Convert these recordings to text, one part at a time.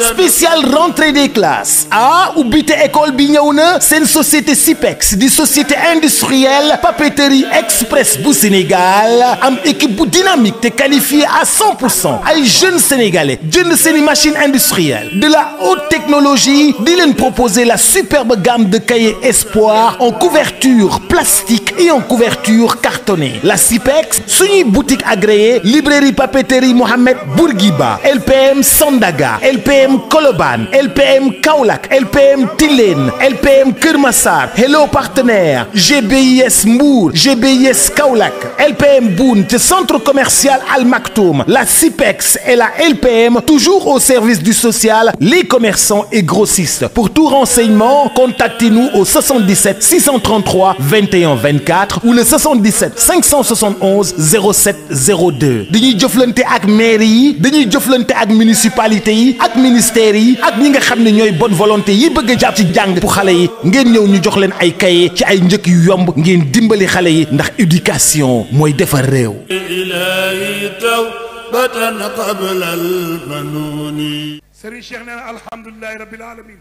spécial rentrée des classes ah ubbite école bi c'est une société Cipex, une société industrielle papeterie express pour Sénégal une équipe dynamique te qualifié à 100 pour jeunes sénégalais jeunes machines machine industrielle de la haute technologie di proposer la superbe gamme de cahiers Espoir en couverture plastique et en couverture cartonnée la SIPEX une boutique agréée librairie papeterie Mohamed Bourguiba LPM Sandaga LPM LPM Koloban, LPM Kaulak, LPM Tilène LPM Kurmasar. Hello Partenaire GBIS Mou, GBIS Kaulak, LPM Bount. centre commercial Al Maktoum la CIPEX et la LPM toujours au service du social les commerçants et grossistes pour tout renseignement contactez-nous au 77 633 21 24 ou le 77 571 07 02 Denis Joflente ak mairie municipalité ministères yi ak ñi nga xam ne bonne volonté yi bëgg a jàpp ci jàng bu xalé yi ngeen ñew ñu jox leen ay kaye ci ay ñëk yu yomb ngeen dimbali xalé yi ndax éducation moy defar réew sëriñ Cheikh nee na alhamdulilahi rabbil alamin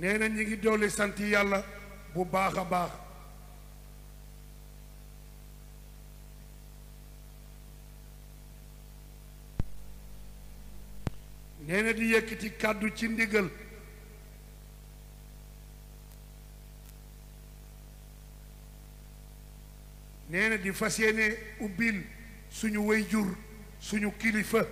Néna ñi ngi dolli santi Yalla bu baaxa baax nee na di yëkkati kàddu ci ndigal nee na di fas yéene ubbil suñu wayjur suñu kilifa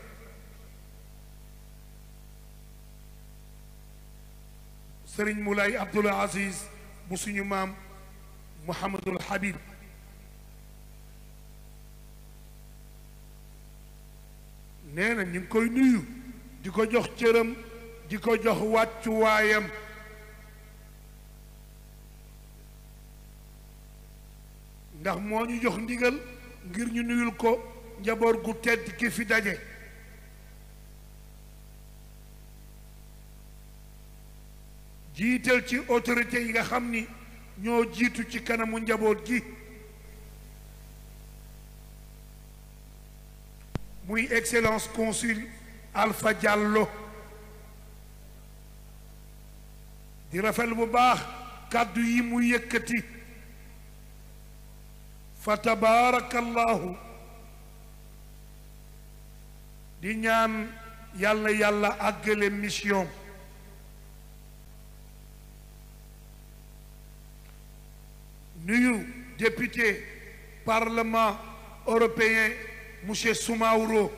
sëriñ Moulay Abdoul Aziz bu suñu maam Mouhamadul Habib nee ñu ngi koy nuyu di ko jox cëram di ko jox wàccuwaayam ndax moo ñu jox ndigal ngir ñu nuyul ko njaboot gu tedd ki fi daje jiital ci autorité yi nga xam ni ñoo jiitu ci kanamu njaboot gi muy excellence consul Alpha Diallo di rafetlu Kadoui baax Keti, yi mu Yalla fa mission nuyu député parlement européen monsieur Soumaouro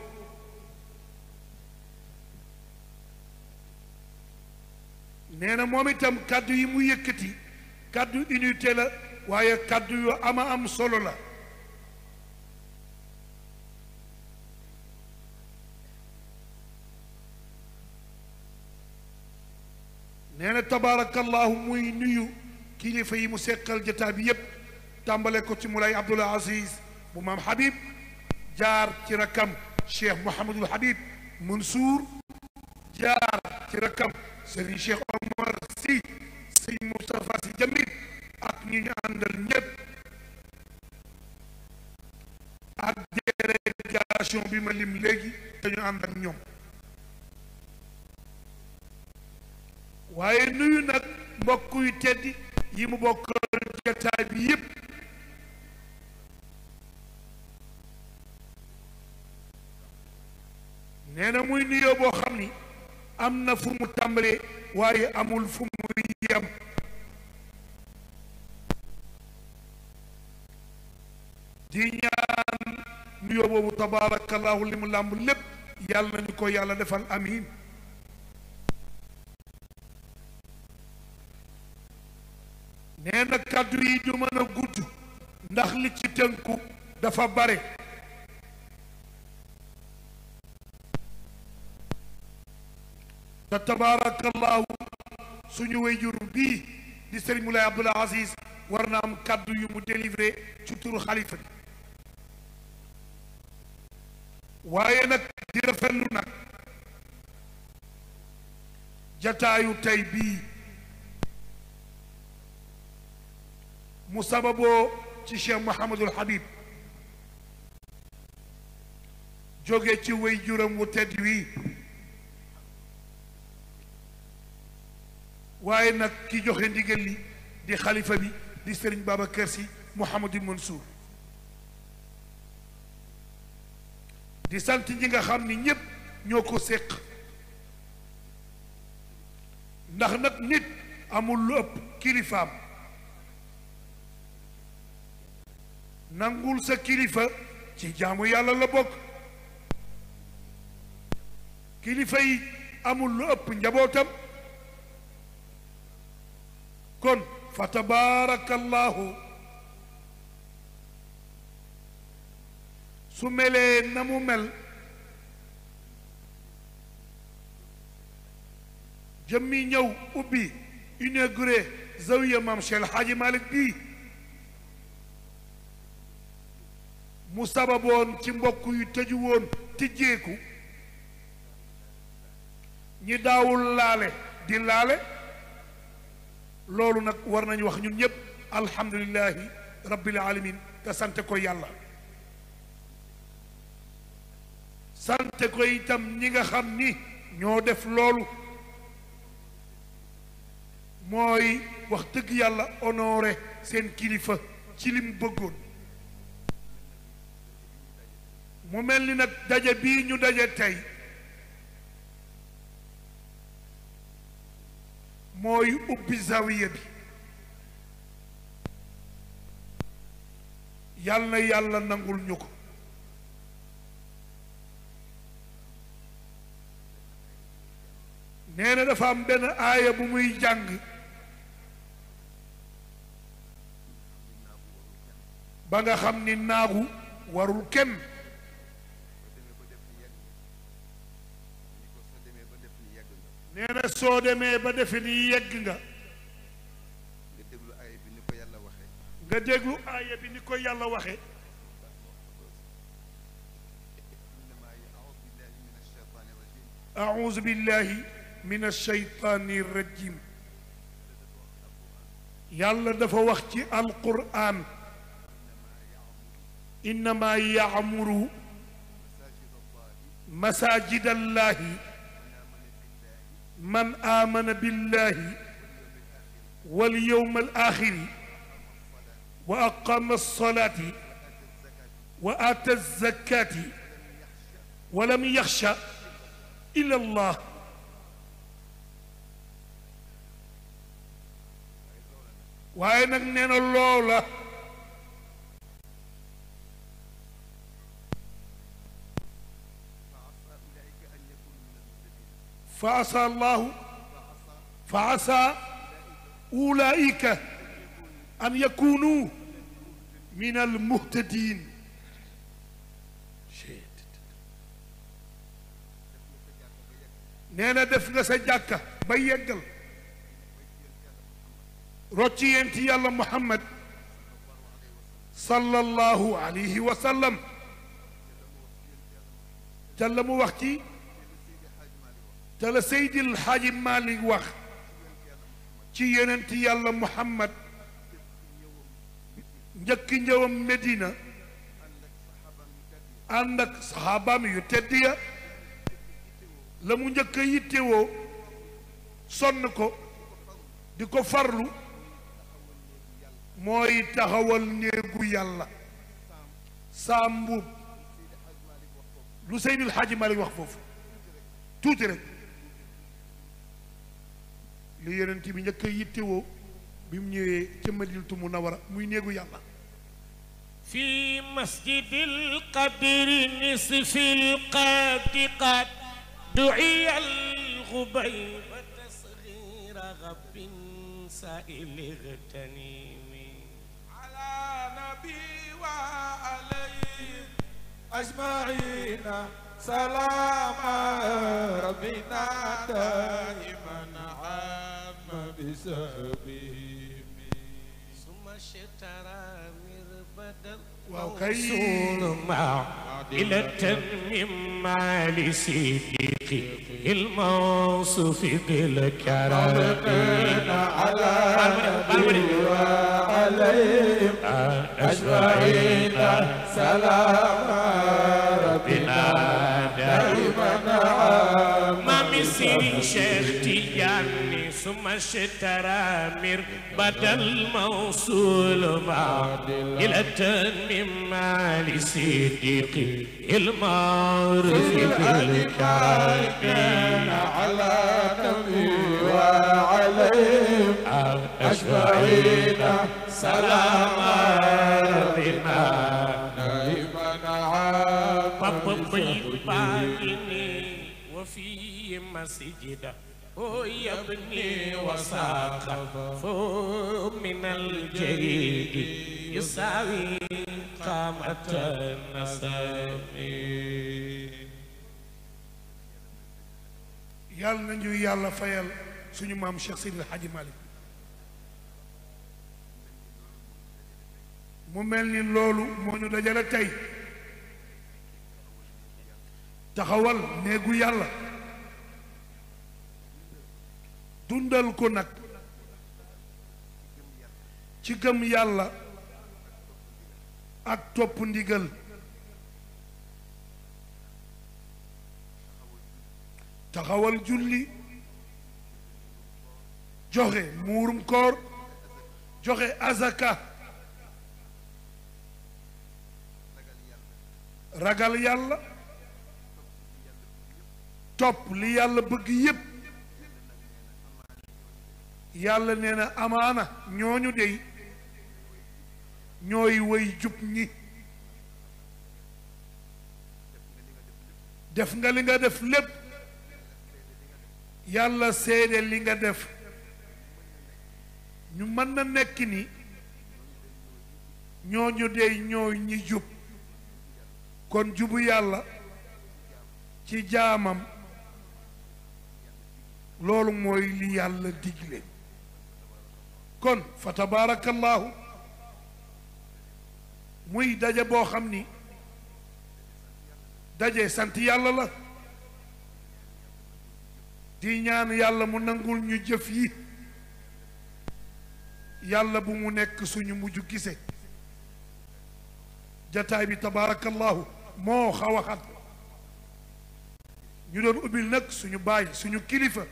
neena momi tam kàddu yi mu yekati kàddu unité la waye kàddu yu ama am solo la neena na tabaarakallahu muy nuyu kilifa yi mu sekkal jataa bi yeb tàmbale ko ci mulay abdul Aziz bu mam Habib jaar ci rakam Cheikh Mouhamadul Habib منصور جار في رقم Serigne Cheikh Omar Sy sëñ Moustapha Sy Jamil ak ñu ñu àndal ñépp ak délégation bi ma lim léegi te ñu ànd ak ñoom waaye nuyu nag mbokk yu yi mu bokkal jataay bi yépp nee na muy nuyoo boo xam ni am na fu mu tàmbalee waaye amul fu mu yem di ñaan nuyoo boobu tabaarakallaahu li mu làmb lépp yàlla nañu ko yàlla defal amiin nee na kàddu yi du mën a gudd ndax li ci tënku dafa bare te tabaarakallaahu suñu wayjur bii di sëriñ Moulay Abdoul Aziz war na am kàddu yu mu délivré ci turu xalifa bi waaye nag di rafetlu nag jataayu tey mu sababoo ci Habib jóge ci wayjuram wu tedd waaye nag ki joxe ndigal li di xalifa bi di sëriñ Babacar Sy Mouhamadou Mansour di sant ñi nga xam ni ñépp ñoo ko séq ndax nag nit amul lu ëpp kilifaam nangul sa kilifa ci jaamu yàlla la bokk kilifa yi amul lu ëpp njabootam kon fa tabaarakallaahu su melee na mu mel jëmmi ñëw ubbi inauguré zawiya maam Cheikh El bii mu sababoon ci mbokk yu tëju woon tijjeeku ñi daawul laale di laale loolu nak war nañ wax ñun ñep alhamdullilah rabbil alamin ta sante ko yàlla sante ko itam ñi nga xamni ni ñoo def loolu moy wax deug yàlla honoré sen kilifa ci lim bëggoon mu melni nak nag daje bii ñu daje tay mooy ubbi zawiya bi yàlla na yàlla nangul ñu ko nee dafa am benn aaya bu muy jàng ba nga xam ni naagu warul kenn nee na soo demee ba defe ni yegg nga nga déglu aaya bi ni ko yàlla waxee nga déglu aaya bi ni ko yàlla waxee أعوذ بالله من الشيطان الرجيم يلا دفا وقت القرآن إنما يعمر مساجد الله من آمن بالله واليوم الآخر وأقام الصلاة وآتى الزكاة ولم يخشى إلا الله وأين nag الله فعسى الله فعسى أولئك أن يكونوا من المهتدين نانا دف نسا جاكا بيجل رجي انت يا الله محمد صلى الله عليه وسلم جل وقتي تلا سيدي الحاج مالك واخ تي يننت يالا محمد نجك نجوم مدينة عندك صحابة يتديا لمو نجك يتيو صنكو ديكو فرلو موي تخوال نيغو يالا سامبو لو سيد الحاج مالك واخ فوف توت li bi madinatu munawara muy néegu yàlla في مسجد القدر نصف القاد قد دعي الغبيب تصغير غب سائل اغتنيم على نبي وعليه أجمعين سلام ربنا دائما بسببه من مربدا وقيسون مع إلى تمم مع لسيدك الموصوف بالكرم على وعليهم أجمعين سلام ربنا دائما ما مسير شيختي ثم الشترامر بدل موصول ما إلى تنميم مالي صديقي المعرف كان على نبي وعليهم أجمعين سلام ربنا نائبنا عابد وفي مسجده يا ابني وساقف من الجريد يساوي قامة النسب yàlla nañu yàlla fayal suñu maam Cheikh Seydi El Hadji Malick mu mel ni loolu moo ñu dajale tey taxawal néegu yàlla dundal ko nag ci gëm yàlla ak topp ndigal taxawal julli joxe muurum koor joxe azaka ragal yàlla topp li yàlla bëgg yépp yàlla ne na amaana ñooñu dey ñooy woy jub ni def nga li nga def lépp yàlla seede li nga def ñu mën na nekk ni ñooñu dey ñooy ñi jub kon jubu yàlla ci jaamam loolu mooy li yàlla digle كن فتبارك الله موي داجي بو خامني داجي سانت يالا لا دي نيان يالا مو نانغول ني جيف يي يالا بو مو نيك سونو موجو كيسه جتاي بي تبارك الله مو خا وخات ني دون اوبيل نك سونو باي سونو كليفه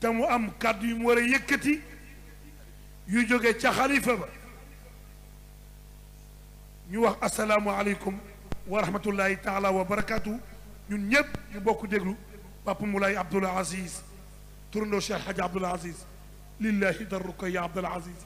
تمو أم كادو يمور يكتي يجوغي تا نيوه السلام عليكم ورحمة الله تعالى وبركاته نيو نيب يبوكو ديغلو باب مولاي عبد العزيز ترنو شيخ حاج عبد العزيز لله درك يا عبد العزيز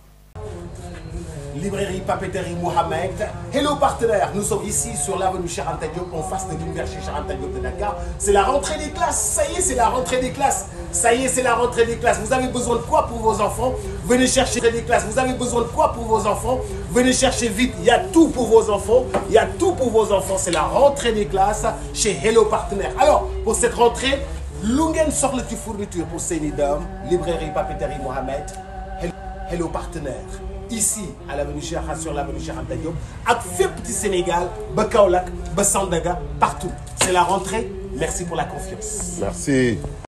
librairie papeterie Mohamed. Hello partenaire, nous sommes ici sur l'avenue Charanta en face de l'université Diop de Dakar. C'est la rentrée des classes, ça y est, c'est la rentrée des classes. Ça y est, c'est la rentrée des classes. Vous avez besoin de quoi pour vos enfants Venez chercher des classes. Vous avez besoin de quoi pour vos enfants Venez chercher vite. Il y a tout pour vos enfants. Il y a tout pour vos enfants. C'est la rentrée des classes chez Hello partenaire. Alors, pour cette rentrée, Lungen sort le fourniture pour Dom, librairie papeterie Mohamed. Hello, partenaire ici à l'avenue Cheikh sur l'avenue Cheikh Anta Diop tout le petit Sénégal ba Bassandaga, Sandaga partout c'est la rentrée merci pour la confiance merci